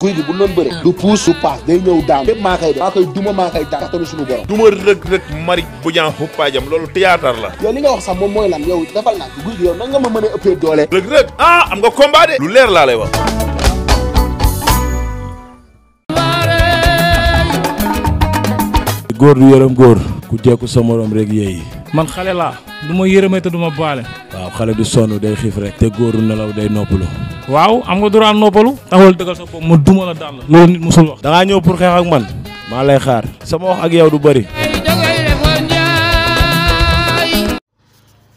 guy gi bu doon bëre ah. du puus su paas day ñëw daan lépp maa koy def maa koy duma maa daan tamit suñu borom duma rëg rëg mari bu ñaan xuppaajam loolu théâtre la yow li nga wax sax moom mooy lan yow defal naa guy gi yow nan nga ma mën a ëppee doole rëg rëg ah am nga combat de lu leer laa lay wax góor du góor ku jekku sa morom man xale laa du ma yërëmee te du ma baale. waaw xale du sonn day xiif rek. te góoru nelaw day noppalu. waaw am nga droit noppalu. taxawal dëggal sa bopp ma duma la daan la. loolu nit musul wax. da ñëw pour xeex ak man. maa lay xaar. sama wax ak yow du bëri.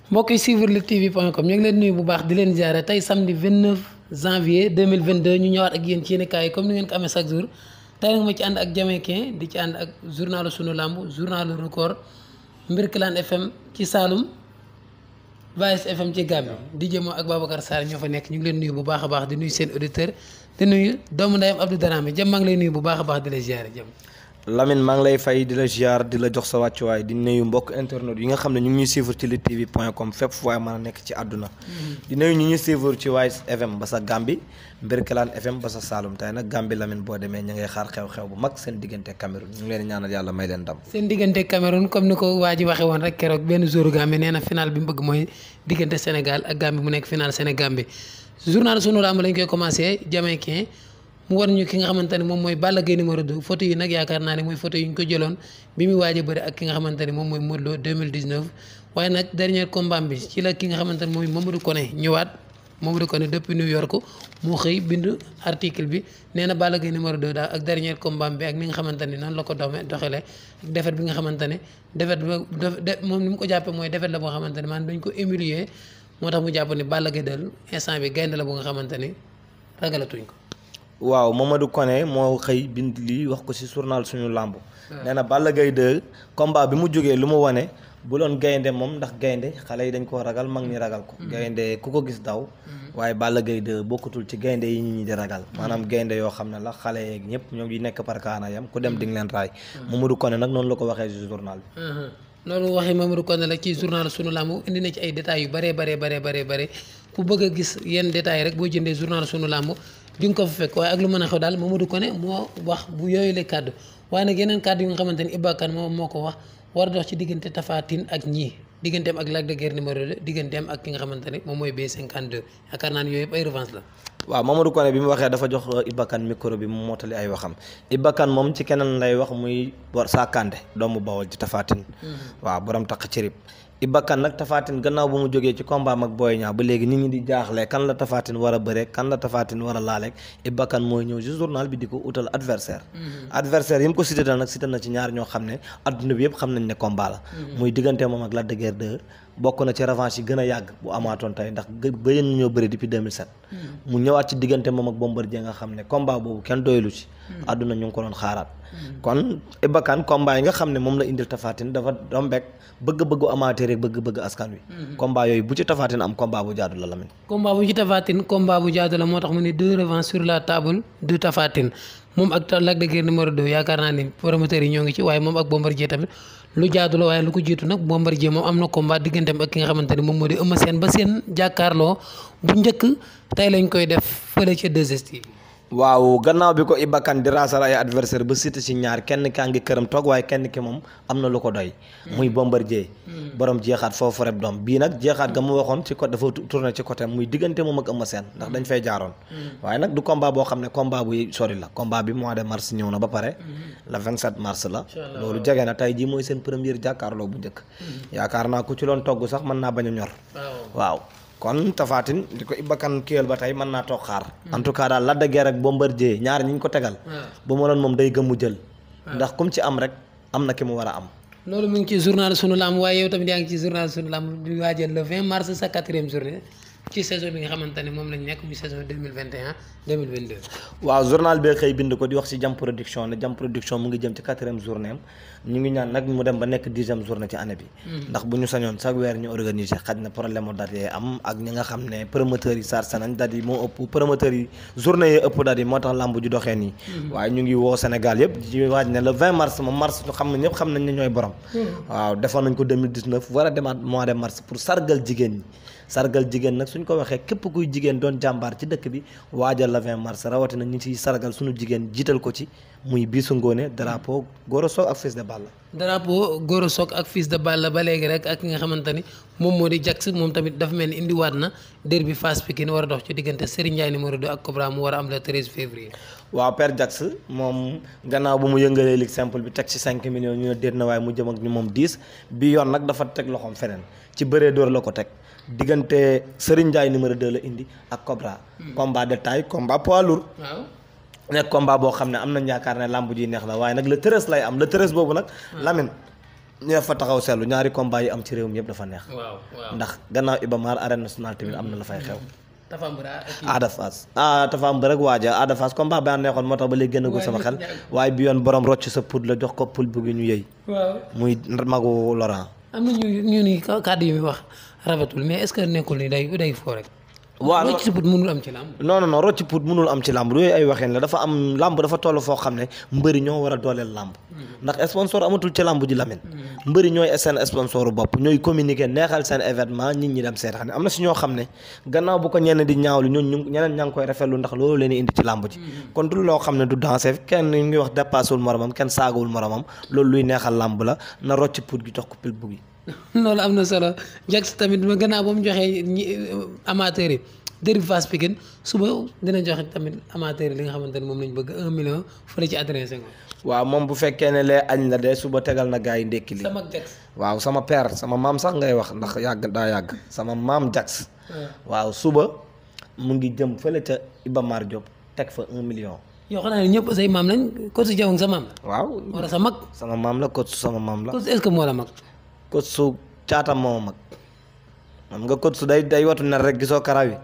mbokk yi suivre luttetv.com ñu ngi leen nuyu bu baax di leen ziare tey samedi 29 janvier 2022 ñu ñëwaat ak yéen ci yéen kaay comme ni ngeen ko amee chaque jour tey nag ma ci ànd ak Jamaïcain di ci ànd ak journalu sunu lamb journalu mbir Mbirkilaan FM ci Saalum Vaes FM ci Gambie di jëmoo ak Babacar Sarr ñoo fa nekk ñu ngi leen nuyu bu baax a baax di nuyu seen auditeur di nuyu doomu ndeyam Abdou Darame jëm maa ngi lay nuyu bu baax a baax di la ziare jëm. Lamine maa ngi lay fay di la ziar di la jox sa wàcc wàccuwaay di yu mbokk internet yi nga xam ne ñu ngi ñuy suivre ci luttetv.com fépp fu waay mën a nekk ci àdduna. Mm-hmm. di nuyu ñu ñuy suivre ci Wise FM ba sa Gàmbi Mbirkilaan FM ba sa Saalum tey nag Gàmbi Lamine boo demee ñu ngay xaar xew-xew bu mag seen diggante Cameroun ñu ngi leen ñaanal yàlla may leen ndam. seen diggante Cameroun comme ni ko waa ji waxee woon rek keroog benn jour Gàmbi nee na final bi mu bëgg mooy diggante Sénégal ak Gàmbi mu nekk final Sénégal bi journal sunu lamb lañ koy commencé mu war ñu ki nga xamante ne moom mooy Balla Gaye numéro 2 photo yi nag yaakaar naa ne mooy photo yi ñu ko jëloon bi muy waaj a bëri ak ki nga xamante ne moom mooy Modou Lo 2019 waaye nag dernier combat bi ci la ki nga xamante ne mooy Mamadou Koné ñëwaat Mamadou Koné depuis New York moo xëy bind article bi nee na Balla Gaye numéro 2 daal ak dernier combat bi ak nga xamante ne noonu la ko doome doxale ak defet bi nga xamante ne defet ba moom ni mu ko jàppee mooy defet la boo xamante ne maanaam dañ ko humilier moo tax mu jàpp ne Balla Gaye dal instant bi gaynde la bu nga xamante ne ragalatuñ ko waaw Mamadou Koné moo xëy bind lii wax ko ci journal suñu làmb na Balla Gaye 2 combat bi mu jógee lu mu wane bu doon gaynde moom ndax gaynde xale yi dañ koo ragal mag ñi ragal ko mm-hmm. gaynde ku ko gis daw mm-hmm. waaye Balla Gaye 2 bokkatul ci gaynde yi ñi di ragal maanaam mm-hmm. gaynde yoo xam ne la xale yeeg ñëpp ñoom yi nekk parkaana yam ku dem di nga leen noonu la ko waxee ci journal bi loolu waxi Mamadou Koné la ci journal sunu lamb indi na ci ay détails yu bare bare bare bare bare ku bëgg a gis yenn détails rek boo jëndee journal sunu lamb di nga ko fa fekk waaye ak lu mën a xew daal Mamadou Koné moo wax bu yooyu la kàddu waaye nag yeneen kàddu yu nga xamante ni Iba moom moo ko wax war dox ci diggante Tapha Tine ak ñii digganteem ak Lac de Guiers numéro 2 digganteem ak ki nga xamante ne moom mooy B52 yaakaar naa ne yooyu yëpp ay revanche la. waaw Mamadou Koné bi mu waxee dafa jox Iba Kane micro bi mu mottali ay waxam Iba Kane moom ci keneen lay wax muy war saa kànde doomu Bawol ci Tapha Tine. Mm-hmm. waaw borom taq cirib Iba nag Taphatine gannaaw ba mu jógee ci combat am Boy Niang ba léegi nit ñi di jaaxle kan la Taphatine war a kan la Taphatine war a laaleeg mooy ñëw journal bi di ko utal adversaire mm-hmm. adversaire yi mu ko cité nag cité na ci ñaar ñoo xam ne adduna bi yëpp xam nañ ne combat la mm-hmm. muy diggante moom ak Lac de Guiers bokk na ci revanche yi gën a yàgg bu amaatoon tey ndax bëyeen ñoo bëri depuis 2007 mm-hmm. mu ñëwaat ci diggante moom ak Hmm. àdduna ñu ngi ko doon xaaraat hmm. kon Iba Kane nga xam ne moom la indil Tapha Tine dafa dombek bëgg-bëggu amateur rek bëgg-bëgg askan wi hmm. combat yooyu bu ci Tapha am combat bu jaadu la Lamine combat bu ci Tapha Tine combat bu jaadu la moo tax mu ne deux revanches sur la table du Tapha moom ak Lac de Guiers yaakaar naa ne promoteurs yi ñoo ngi ci waaye moom ak Bombardier tamit lu jaadu la waaye lu ko jiitu nag Bombardier moom am na combat digganteem ak ki nga xamante ne moom moo di Eumeu Sène ba seen jàkkaarloo bu njëkk tey lañ koy def fële ca 2 waaw gannaaw bi ko Iba Kane di raasal ay adversaire ba Siteu ci ñaar kenn kaa ngi këram toog waaye kenn ki moom am na lu ko doy hmm. muy Bombardier hmm. borom jeexaat foofu rek doom bii nag jeexaat ga mu waxoon ci côté dafa tourné ci côté muy diggante moom ak Eumeu Sène ndax dañ fay jaaroon hmm. waaye nag du combat boo xam ne combat buy sori la combat bi mois de mars ñëw na ba pare le 27 mars la loolu jege na tey jii mooy seen première jàkkaarloo bu njëkk yaakaar a ñor kon tafaatin di ko ibbakan kiwel ba tey mën naa toog xaar en tout cas daal Lac de Guiers ak Bombardier ñaar ñi ñu ko tegal bu ma doon moom day gëmmu jël ndax comme ci am rek am na ki mu war a am loolu mu ngi ci journal sunu lamb waaye yow tamit yaa ngi ci journal sunu lamb di waajal le 20 mars sa quatrième journée ci saison bi nga xamante ne moom lañ nekk muy saison 2021 2022. waaw journal bi xëy bind ko di wax si Jam Production ne Jam Production mu ngi jëm ci quatrième journée am ñu ngi ñaan nag mu dem ba nekk dixième journée ci année bi. Mm-hmm. ndax bu ñu sañoon chaque weer ñu organiser xaj na problème mu date yi am ak ñi nga xam ne promoteurs yi sar nañ date yi moo ëpp promoteurs yi journée yi ëpp date yi moo tax lamb ju doxee nii. Mm-hmm. waaye ñu ngi woo Sénégal yëpp di waaj ne le 20 mars ma mars ñu xam ne ñëpp xam nañ ne ñooy borom. Mm-hmm. waaw defoon nañ ko 2019 war a demaat mois de mars pour sargal jigéen ñi sargal jigéen nag suñ ko waxee képp kuy jigéen doon jàmbaar ci dëkk bi waajal la 20 mars rawatina ñu ciy sargal suñu jigéen jiital ko ci muy Bijou Ngoné drapeau Gora Sock ak Fils de Balla drapeau Gora Sock ak Fils de Balla ba léegi rek ak ki nga xamante ni moom moo di Jax moom tamit dafa mel ni indiwaat na derby Fass Pikine war a dox ci diggante Serigne Ndiaye numéro 2 ak Cobra mu war a am le 13 février waaw Père Jax moom gannaaw bu mu yëngalee ligue simple bi teg ci 5 millions ñu ne na waaye mu jëm ñu moom 10 bi yoon nag dafa teg loxoom feneen ci bëree dóor la ko teg diggante Serigne Ndiaye numéro 2 la indi ak Cobra. Hmm. combat de taille combat poids lourd. waaw nekk combat boo xam ne am nañ yaakaar ne làmb ji neex la waaye nag le treize lay am le treize boobu nag. Hmm. Lamine ñoo fa taxaw seetlu ñaari combat yi am ci réew mi dafa neex. ndax gannaaw Ibamar arène nationale tamit am na la fay xew. Hmm. Ada Fass ah Tapha Mbeur ak waaja Ada Fass combat ba neexoon moo ba léegi génnagul sama xel waaye bi yoon borom rocc sa poudre la jox ko poudre bi ñu yëy. muy magu Laurent. am na ñu ñu ni kàddu yu muy wax. rafetul mais est-ce que nekkul ni day day foo waaw rocc put mënul am ci làmb. non non non rocc am ci làmb yooyu ay waxeen la dafa am làmb dafa toll foo xam ne mbëri ñoo war a dooleel làmb. Mm-hmm. ndax sponsor amatul ci làmb ji lamin mm-hmm. mbëri ñooy seen sponsor bopp ñooy communiquer neexal seen événement nit ñi dem seetaan am na si ñoo xam ne gannaaw bu ko ñenn di ñaawlu ñun ñu ñeneen ñaa ngi koy rafetlu ndax loolu leen indi ci làmb ji. Mm-hmm. kon du loo xam ne du danser kenn ñu ngi wax dépassewul moromam kenn saagawul moromam loolu luy la na rocc put gi jox ko loolu am na solo Jax tamit ma gannaaw ba mu joxee amateurs yi Derby Fass Pikine suba dina jox tamit amateurs yi li nga xamante ne moom lañ bëgg un million fële ci adressé ko. waaw moom bu fekkee ne lee añ la dee suba tegal na gaa yi ndekki li sama Jax waaw sama père sama maam sax ngay wax ndax yàgg daa yàgg sama maam Jax waaw suba mu ngi jëm fële ca Iba Mar teg fa un million. yoo xam ne ñëpp say maam lañ ko si sa maam la. waaw wala sa mag. sama maam la ko sama maam la. est-ce kot su caatam moo mag xam nga kot su day day watu nel rek gisoo karaw yi.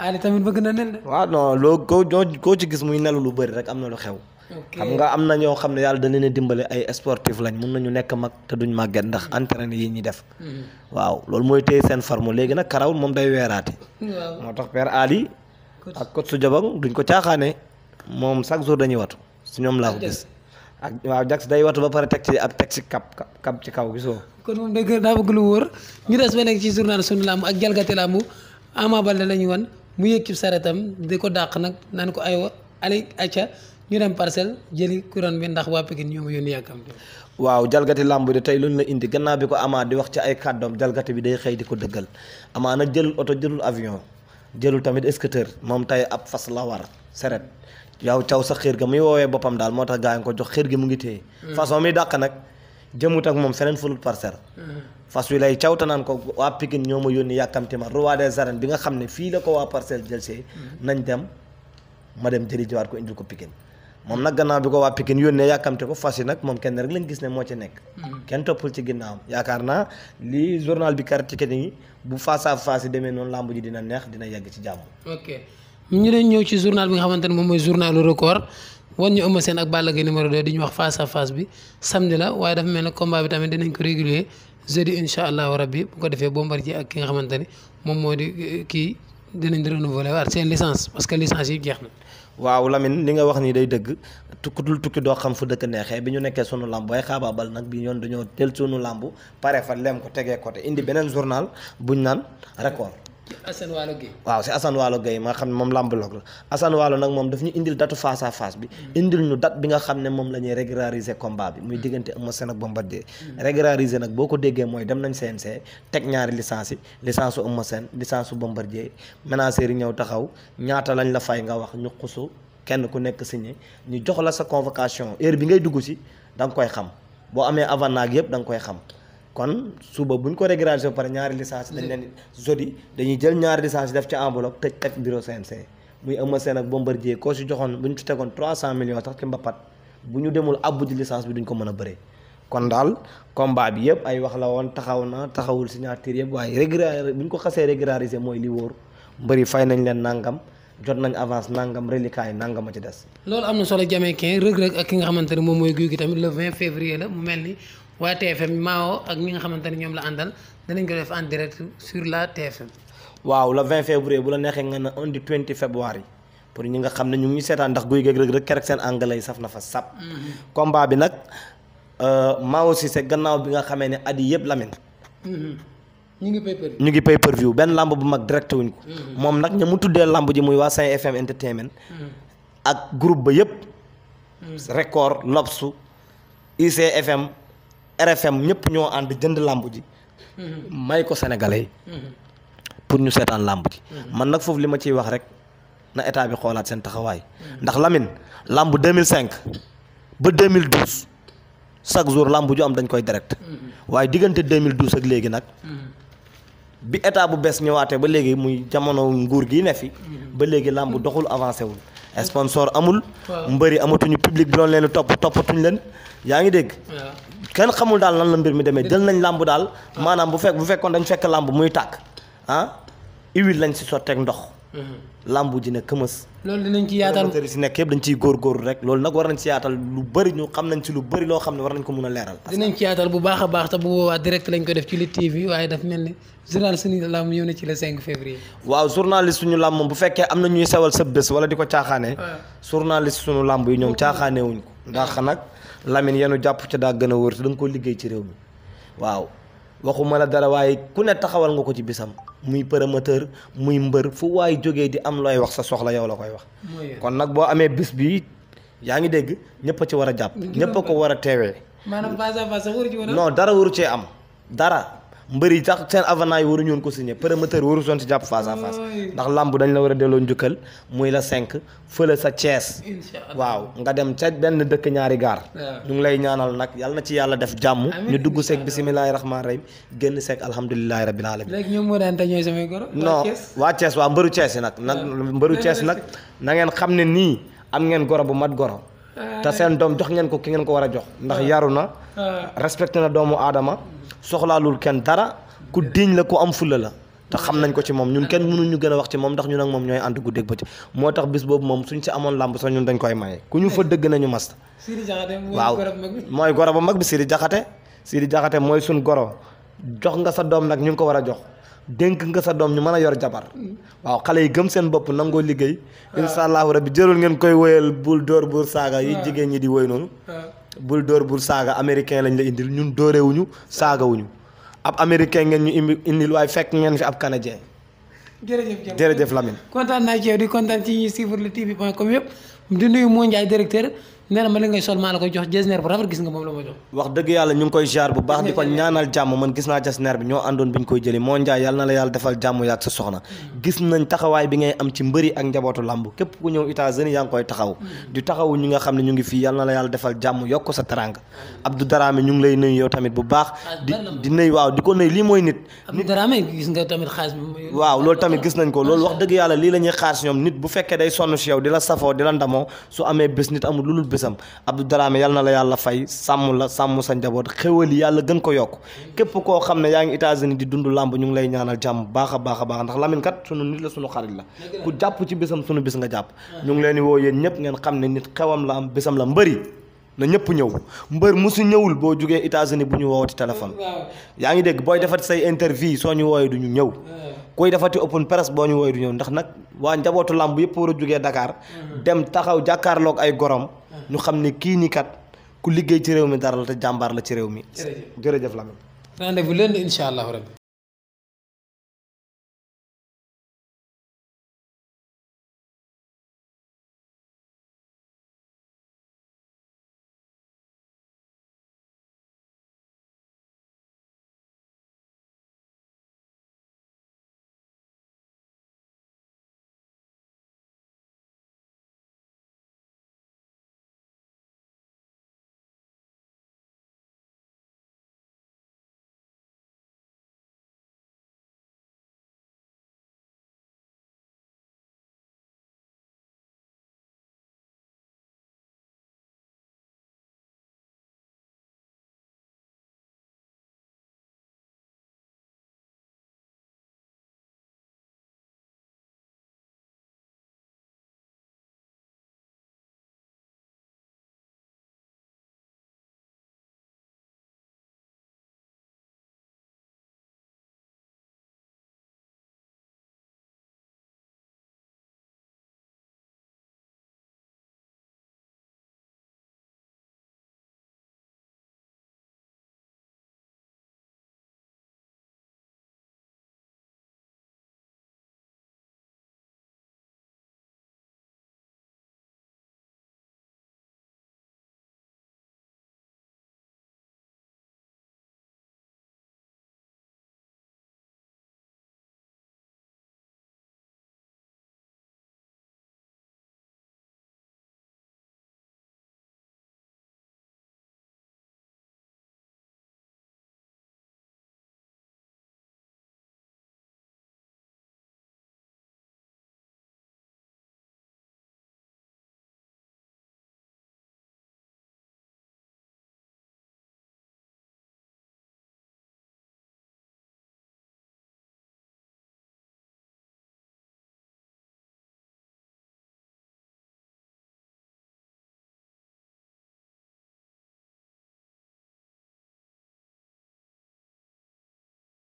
Ali ah, tamit bëgg na nel de. waaw non loo koo koo ci gis muy nelu lu bari rek am na lu xew. xam nga am na ñoo xam ne yàlla da leen dimbale ay sportif lañ mun ñu nekk mag te duñ màgget ndax mm-hmm. entraîné yi ñuy def. Mm-hmm. waaw loolu mooy téye seen forme léegi nag karawul moom day weeraate. moo tax père Ali. ak kot su jabang duñ ko caaxaane moom chaque jour dañuy watu si ñoom laa ko gis. ak waaw Jax day watu ba pare teg ci ab teg ci kap kap ci kaw gisoo. kon moom dëgg daa bëgg lu wóor ñu des ba nekk ci journal sunu ak jalgati làmb Ama Baldé la ñu wan mu yëg ci saretam ko dàq nag naan ko aywa ali acca ñu dem parcelle jëli couronne bi ndax waa Pikine ñoo ma yónni yàkkamte waaw jalgati làmb tey lu ñu la indi gannaaw bi ko amaa di wax ci ay kàddoom jalgati bi day xëy di ko dëggal amaa nag jëlul oto jëlul avion jëlul tamit scooter moom tey ab fas la war saret yow caw sax xiir ga muy woowee boppam daal moo tax gaa yi ko jox xiir gi mu ngi téye. Mm. façon mi dàq nag jëmut ak moom feneen fulut parcelle. Mm. fas wi lay caw te naan ko waa Pikine ñoo ma yónni yàkkamti ma roi des arènes bi nga xam ne fii la ko waa parcelle jël see. Mm. dem ma dem jëli jiwaat ko indil ko Pikine. moom nag gannaaw bi ko waa Pikine yónnee yàkkamte ko fas yi nag moom kenn rek lañ gis ne moo ci nekk. kenn toppul ci ginnaawam yaakaar naa lii journal bi kar ci bu face à face yi demee noonu làmb ji dina neex dina yegg ci jàmm. ñu leen ñëw ci journal bi nga xamante ne moom mooy journalu record wan ñu Eumeu Sène ak Balla Gaye numéro 2 di ñu wax face à face bi samedi la waaye dafa mel ne tamit dinañ ko régulier jeudi incha allahu rabbi bu ko defee Bombardier ak ki nga xamante ne moom moo eh, kii dinañ renouveler waat seen licence parce que licence yi jeex na. waaw Lamine li nga wax ni day dëgg tukkudul tukki doo xam fu dëkk neexee bi ñu nekkee sunu làmb waaye xaabaabal nag bi ñoon dañoo tel sunu làmb pare fa lem ko tegee côté indi beneen journal buñ naan record. Assane Waalo waaw si Assane Waalo Gueye ma xam ne moom lambloog la Assane Waalo nag moom daf ñu indil datu face à face bi mm. indil ñu date bi nga xam ne moom la ñuy régulariser combat bi muy mm. diggante Eumeu Sène ak Bombardier mm. régulariser nag boo ko déggee mooy dem nañ CNG teg ñaari licence yi licence u Eumeu Sène licence u Bombardier menaceurs yi ñëw taxaw ñaata lañ la fay nga wax ñu xusu kenn ku nekk si signé ñu jox la sa convocation heure bi ngay dugg si danga koy xam boo amee avant yëpp da nga koy xam kon suba bu ñu ko régulariser ba pare ñaari licence dañ leen jodi dañuy jël ñaari licence def ci enveloppe tëj teg bureau CNC muy Eumeu Sène ak Bombardier koo si joxoon bu ñu ci tegoon 300 millions sax ci mbapat bu ñu demul abbu ji licence bi duñ ko mën a bëree kon daal combat bi yëpp ay wax la woon taxaw na taxawul signature yëpp waaye régulariser bu ñu ko xasee régulariser mooy li wóor mbëri fay nañ leen nangam jot nañ avance nangam reliquat yi a ci des. na solo Jamaïcain Reug Reug ak waa TFM Mao ak ñi nga xamante ne ñoom la àndal danañ ko def en direct sur la TFM. waaw le 20 février bu la neexee nga na on the 20 février pour ñi nga xam ne ñu ngi seetaan ndax guy geeg rek rek keroog seen anglais saf na fa sap. Mm-hmm. combat bi nag euh, Mao se gannaaw bi nga xamee ne at yii yëpp Lamine. Mm-hmm. ñu ngi pay per view ñu ngi pay per view benn làmb bu mag direct wuñ ko. Mm-hmm. moom nag ña mu tuddee lamb ji muy waa 5FM entertainment. ak groupe ba yëpp. record Lobsu ICFM. RFM ñëpp ñoo ànd jënd làmb ji. may ko sénégalais pour ñu seetaan làmb ji. man nag foofu li ma ciy wax rek na état bi xoolaat seen taxawaay. ndax Lamine làmb 2005 ba 2012 chaque jour làmb ju am dañ koy direct. waaye diggante 2012 ak léegi nag. bi état bu bees ñëwaatee ba léegi muy jamono nguur gi ne fi. ba léegi làmb doxul avancé wul. sponsor amul. mbëri amatuñu public bi doon leen topp toppatuñ leen yaa ngi dégg. kenn xamul daal lan la mbir mi demee jël nañ làmb daal ah. maanaam bu fekk bu fekkoon dañ fekk làmb muy tàkk ah huile lañ si sotteek ndox. Mm-hmm. làmb ji ne këmas. loolu dinañ ci yaatal loolu si nekk yëpp dañ ciy góor góor rek loolu nag war nañ ci yaatal lu bari ñu xam nañ ci lu bëri loo xam ne war nañ ko mën a leeral. dinañ ci yaatal bu baax a baax te bu boobaa direct lañ ko def ci Lutte TV waaye daf mel ni journal suñu làmb ñëw na ci le 5 février. waaw journaliste suñu làmb bu fekkee am na ñuy sewal sa bés wala di ko caaxaane. journaliste suñu làmb yi ñoom caaxaane wuñ ko. ndax nag Lamine yenu jàpp ca daa gën a wóor te da koo liggéey ci réew mi waaw waxuma la dara waaye ku ne taxawal nga ko ci bisam muy promoteur muy mbër fu waay jógee di am looy wax sa soxla yow la koy wax. kon nag boo amee bis bi yaa ngi dégg ñëpp ci war a jàpp. ñëpp a ko war a teewee. maanaam face à face waru ci dara waru cee am dara. mbër yi sax seen avenant yi waruñu ko signé promoteur waru soon si jàpp face à ndax lamb dañ la war a delloo njukkal muy la cinq fële sa Thiès waaw nga dem ca benn dëkk ñaari gaar ñu ngi lay ñaanal nag yàlla ci yàlla def jàmm ñu dugg seeg bisimilahi rahmaani rahim génn seeg alhamdulilahi rabil alamin léegi ñoom moo daan te ñooy samay waa Thiès waa mbëru Thiès yi nag nag mbëru Thiès nag nangeen xam ne nii am ngeen goro bu mat goro ah, te seen doom jox ngeen ko ki ngeen ko war a jox ndax yaru na respecté na doomu aadama soxlaalul kenn dara ku diiñ la ku am fulla la te xam nañ ko ci moom ñun kenn mënuñu gën a wax ci moom ndax ñu ak moom ñooy ànd guddeeg bëccëg moo tax bis boobu moom suñ si amoon làmb sax ñun dañ koy maye ku ñu fa dëgg nañu mas waaw mooy goro ba mag bi di Jaxate Siri Jaxate mooy suñ goro jox nga sa doom nag ñu ngi ko war a jox dénk nga sa doom ñu mën a yor jabar waaw xale yi gëm seen bopp nangoo liggéey insha allahu bi jërul ngeen koy woyal bul dóor buur saaga yi jigéen ñi di woy noonu bul dóor bul saaga américain lañ la indil ñun dóorewuñu saagawuñu ab américain ngeen ñu indi indil waaye fekk ngeen fi ab canadien. jërëjëf jërëjëf Lamine. kontaan naa ci yow di kontaan ci ñuy suivre Lutte TV point com yëpp. di nuyu moo Ndiaye directeur nee ma li ngay sol maa la koy jox jasneer bu rafet gis nga moom la ma jox dëgg yàlla ñu ngi koy jaar bu baax di ko ñaanal jàmm man gis naa jasneer bi ñoo àndoon bi ñu koy jëli moo Ndiaye yàlla na la yàlla defal jàmm yaag sa soxna gis nañ taxawaay bi ngay am ci mbëri ak njabootu làmb képp ku ñëw États-Unis yaa ngi koy taxaw di taxaw ñi nga xam ne ñu ngi fii yàlla na la yàlla defal jàmm yokk sa teranga Abdou Darame ñu ngi lay nuyu yow tamit bu baax di di nuyu mission su amee bés nit amul lu dul bésam Abdou Dramé yal na la yàlla fay sàmm la sàmm sa njaboot xéwal yi yàlla gën ko yokk képp koo xam ne yaa ngi États-Unis di dund làmb ñu ngi lay ñaanal jàmm baax a baax a baax ndax Lamine kat sunu nit la sunu xarit la ku jàpp ci bésam sunu bés nga jàpp ñu ngi leen di woo yéen ñëpp ngeen xam ne nit xewam la am bésam la mbëri na ñëpp ñëw mbër mu musu ñëwul boo jógee États-Unis bu ñu woowati téléphone yaa ngi dégg booy defar say soo ñu du ñu ñëw kuy defati open press boo ñu woy du ñëw ndax nag waa njabootu làmb yëpp war a jugee dakaar mhm. dem taxaw jàkkaarloog ay gorom mhm. ñu xam ne kii nii kat ku liggéey ci réew mi dara la te jàmbaar la ci réew mi jërëjëf Lamine rendez-vous lundi incha allahu rabbi